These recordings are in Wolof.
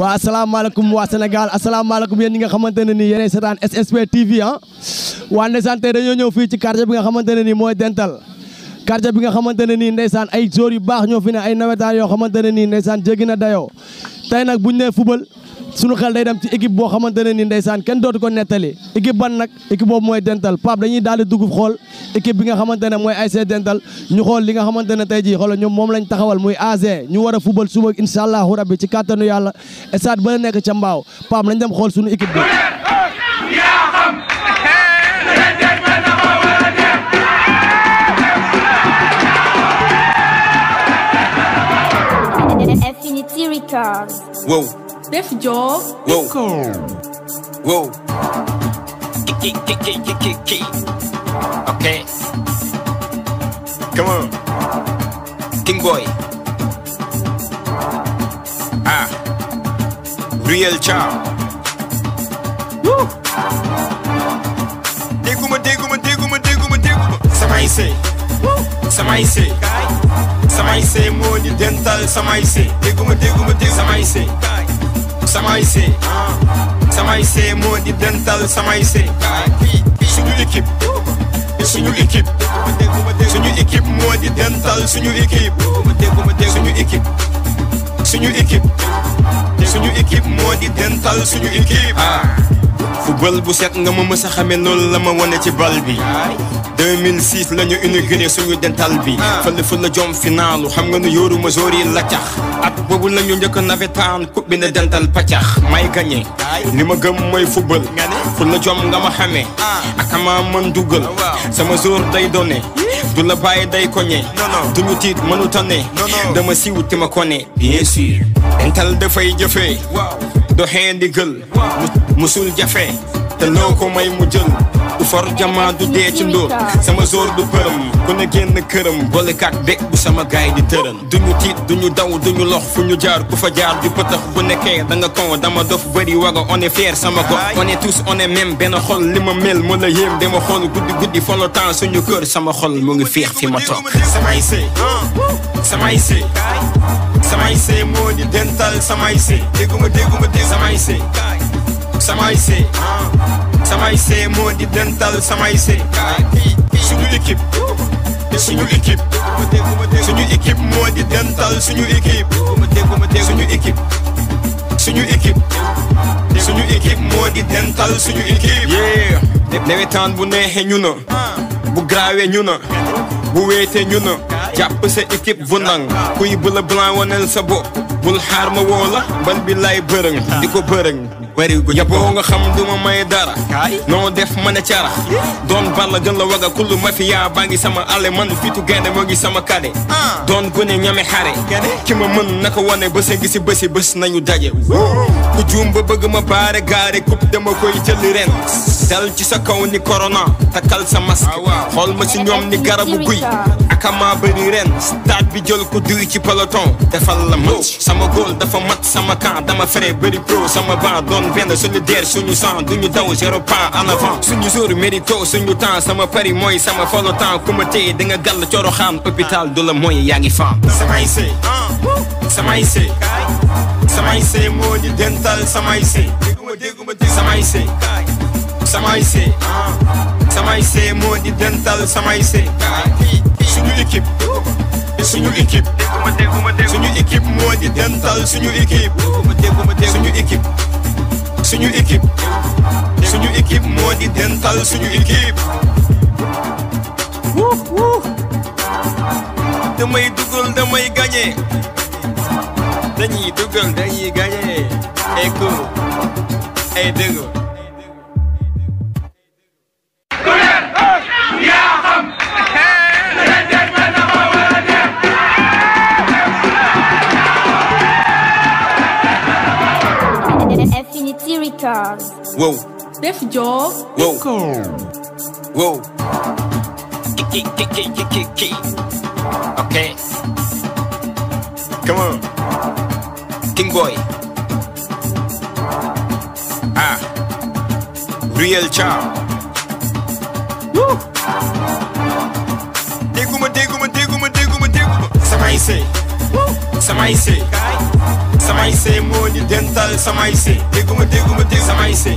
waa asalaamaaleykum waa Sénégal asalaamaaleykum yéen ñi nga xamante ne nii yéenay seetaan SSP TV ah waa ndeysaan tey dañoo ñëw fii ci quartier bi nga xamante ne nii mooy dental quartier bi nga xamante ne nii saan ay joor yu baax ñoo fi ne ay nawetaan yoo xamante ne nii ndeysaan jéggi na dayoo tey nag buñu nee fubal sunu xel day dem ci équipe boo xamante ne ni ndeysaan kenn dootu ko nettali équipe ban nag équipe boobu mooy dental Pape dañuy daal di dugg xool équipe bi nga xamante ne mooy ASC dental ñu xool li nga xamante ne tey jii xoolal ñoom moom lañ taxawal muy AG ñu war a fubal suba incha allahu rabbi ci kàttanu yàlla stade ba nekk ca mbaaw Pape lañ dem xool sunu équipe bi. Wow. def job wow wow ki ki ki ki okay come on king boy ah real charm woo dégguma dégguma dégguma dégguma dégguma samay sey dental samay sey dégguma dégguma dégguma samay samay see samay see moo di dental samay see suñu équipe suñu équipe suñu équipe moo di dental suñu équipe suñu équipe suñu équipe suñu équipe moo di dental suñu équipe football bu set nga ma mës a xame noonu la ma wone ci bal bi 2006 la ñu inauguré suñu dental bi ah. fële fu la jom finalu xam nga nu yóoru ma joor yi la cax at boobu la ñu njëkk navetaan coupe bi ne dental paccax may gagné li ma gëm mooy football fu la jom nga ma xamee ah. ak ama mën dugal ah, sama day donné du la bàyyi day koñe duñu tiit mënu tane dama siiw ti ma kone bien sûr dental dafay jëfee doxee ndigal musul jafe te loo ko may mu jël du for jamaa du dee ci ndóor sama zoor du përëm ku ne génn këram boolekaat bég bu sama gaay di tëral duñu tiit duñu daw duñu lox fu ñu jaar ku fa jaar di pëtëx bu nekkee da nga kon dama dof bëri waga on est fier sama gox on est tous on benn xol li ma mel mu la yéem ma xool guddi guddi folo temps suñu kër sama xol mu ngi fiix fi ma toog samay sëy samay sëy samay sëy moo di dental samay sëy dégguma dégguma dégg samay sëy samay samay see moo di dental samay see suñu équipe suñu équipe suñu équipe moo di dental suñu équipe suñu équipe suñu équipe suñu équipe moo di dental suñu équipe yée bu neexee ñu na bu graawee ñu na bu weetee ñu na jàpp sa équipe bu nang kuy bëla blanc woneel sa bopp bul xaar ma woo la bal bi lay bërëng di ko bërëng wari gu yaboo nga xam du ma may dara noo def mën a cara hmm. doon balla gën la waga kullu mafia baa ngi sama ale man fitu gaynde moo ngi sama kade ah. doon gune ñame xare ki ma mën naka wane bës a si bësi bës nañu daje ku juum ba bëgg ma baare gaare coupe dama koy jël ren dal ci sa kaw ni corona takal sa masque ah, xool ma ci ñoom ni garabu guy akama bëri ren stade bi jël ko duy ci peloton defal la sama góol dafa mat sama camp dama fere bëri pro sama ban doon suñu benn suñu der suñu sang duñu daw zéro pas en avant suñu jour mérito suñu temps sama pari mooy sama folo temps ku ma téye di nga gàll coro xam hôpital du la mooy yaa ngi faam samay sëy samay sëy samay sëy moo ñu dental samay sëy dégguma dégg samay sëy samay sëy samay sëy moo ñu dental samay sëy suñu équipe suñu équipe suñu équipe moo di dental suñu équipe suñu équipe suñu équipe suñu équipe moo di dental suñu équipe wuuf wuuf damay dugal damay gagné dañuy dugal dañuy gagné ay góor wow. Def Job. wow. wow. Kiki, kiki, kiki, kiki. Okay. Come on. King Boy. Ah. Real charm. Woo. Deguma, deguma, deguma, deguma, deguma. Samay say. Woo. Samay say. samay see moo ñu dental samay see dégguma dégguma dégg samay see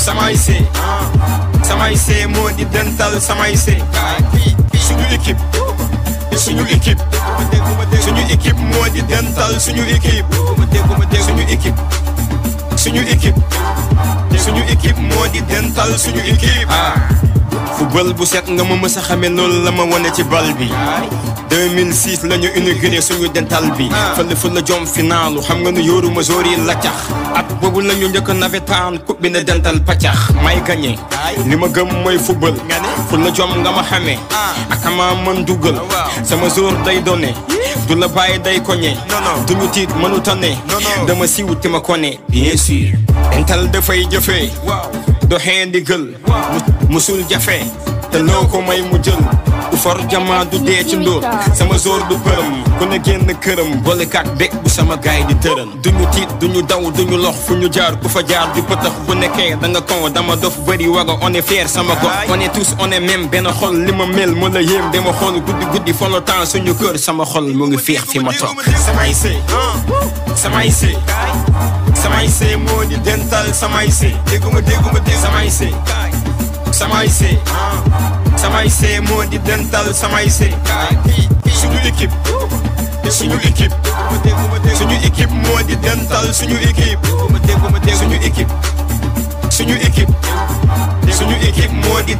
samay see samay see moo ñu dental samay see suñu équipe suñu suñu équipe moo ñu dental suñu équipe suñu équipe suñu équipe suñu équipe moo ñu dental suñu équipe bu set nga ma mës a xame noonu la ma wane ci bal bi 2006 la ñu inauguré dental bi ah. fële fu la jom finaalu xam nga nu yóoru ma zóor la cax at boobu la ñu njëkk navetaan coupe bi ne dental paccax may gagné li ma gëm mooy football fu la jom nga ma xamee ah. ak amaa mën dugal ah, sama day done du la bàyyi day koñe duñu tiit mënu tane dama siiw ti ma kone bien sûr dental dafay jëfee doxee ndigal musul jafe te loo may mu jël du for jama du dee ci ndóor sama zoor du përëm ku ne génn këram boolekaat bég bu sama gaay di tërën duñu tiit duñu daw duñu lox fu ñu jaar ku fa jaar di pëtëx bu nekkee da nga kon dama dof bëri waga on est sama gox on est tous on est benn xol li ma mel mu la yéem dama xool guddi guddi folo temps suñu kër sama xol mu ngi féex fi ma toog samay sëy samay sëy samay sëy moo di dental samay dé samay sëy samay samay see moo di dental samay see suñu équipe suñu équipe suñu équipe moo di dental suñu équipe suñu équipe suñu équipe suñu équipe moo di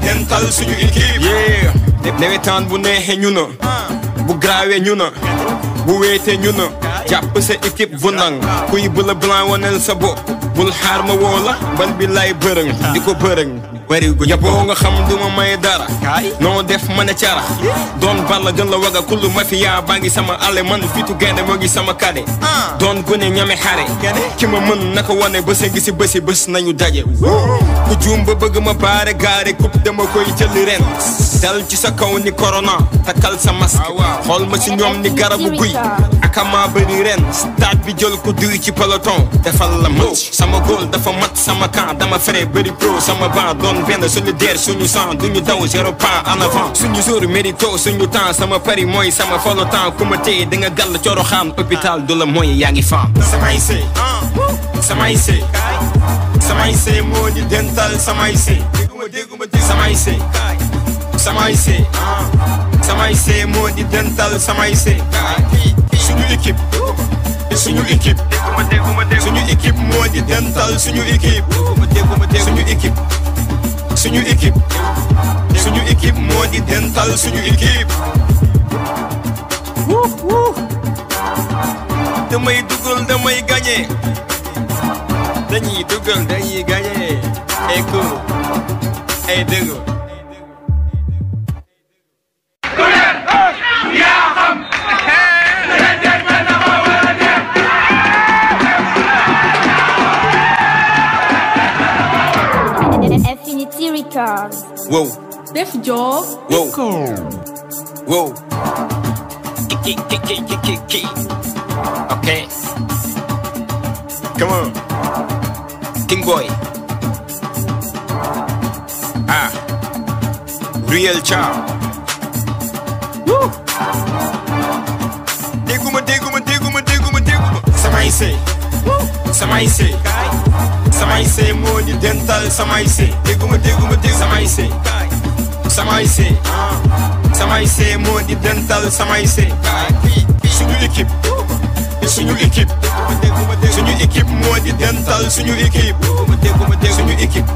yée nawetaan bu neexee ñu bu graawee ñu na bu wéetee ñu na jàpp sa équipe bu nang kuy bu la blanc woneel sa bopp bul xaar ma woo la bi lay bërëng di ko bërëng wari gu yaboo nga xam du ma may dara noo def mën a cara doon balla gën la waga kullu mafia baa ngi sama ale man fitu gaynde moo ngi sama kade ah. doon gune ñame xare ki ma mën naka wane bës ngi si bësi bës nañu daje ku juum ba bëgg ma baare gaare kup dama koy jël ren dal ci sa kaw ni korona takal sa masque ah, xool ma si ñoom ni garabu guy ah. akama bëri ren stade bi jël ko duy ci peloton defal la match sama góol dafa mat sama camp dama fere bëri pro sama ban doon suñu benn der suñu sang duñu daw zéro pas en avant suñu jour mérito suñu temps sama pari mooy sama folo temps ku ma téye di nga gàll coro xam hôpital du la mooy yaa ngi faam samay sëy samay sëy samay sëy moo di dental samay sëy dégguma dégg samay sëy samay sëy samay sëy moo di dental samay sëy suñu équipe suñu équipe suñu équipe moo di dental suñu équipe suñu équipe suñu équipe suñu équipe moo di dental suñu équipe wuuf wuuf damay dugal damay gagné dañuy dugal dañuy gagné ay góor ay dëgg Wow. Def Job. Wow. Wow. Okay. King Boy. Ah. Real charm. Woo. Déguma déguma déguma déguma déguma. Sama yi sey. Sama yi sey. samay see moo ñu dental samay see ma dégguma dégg samay see samay see samay see moo di dental samay see suñu équipe suñu équipe suñu équipe moo di dental suñu équipe suñu équipe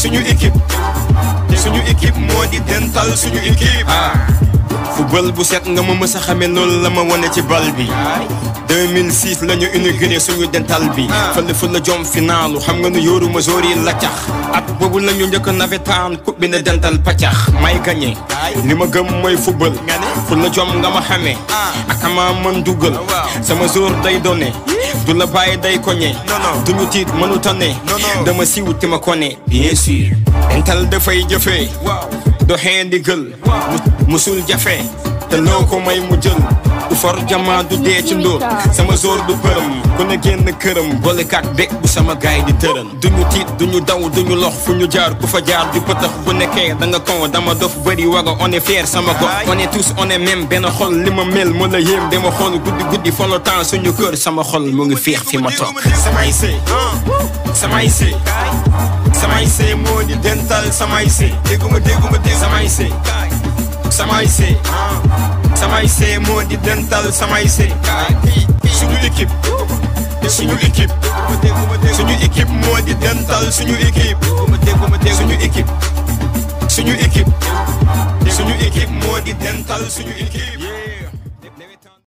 suñu équipe suñu équipe moo di dental suñu équipe football bu set nga ma mës a xame loolu la ma wane ci bal bi 2006 la ñu inauguré suñu dental bi ah. fële fu la jom finaalu xam nga nu yóoruma joor yi la cax at boobu la ñu njëkk nawetaan coupe bi ne dental paccax may gagné li ma gëm mooy football fu la jom nga ma xamee ah. ak amaa mën dugal ah, sama jour day donné du la bàyyi day koñe duñu tiit mënu tane dama siiw te ma kone bien sûr dental dafay jëfee doxee ndigal musul jafe te loo may mu jël du for jamaa du dee ci ndóor sama zoor du përëm ku ne génn këram boolekaat bég bu sama gaay di tërën duñu tiit duñu daw duñu lox fu ñu jaar ku fa jaar di pëtax bu nekkee da nga kon dama dof bëri waga on est sama gox on est tous on est benn xol li ma mel mu la yéem dama xool guddi guddi folo temps suñu kër sama xol mu ngi féex fi ma toog samay sëy samay sëy samay sëy moo di dental samay sëy dégguma dégguma dé samay sëy samay sëy samay see moo di dental samay see. suñu équipe. suñu équipe. suñu équipe moo di dental suñu équipe. suñu équipe. suñu équipe. suñu équipe moo di dental suñu équipe.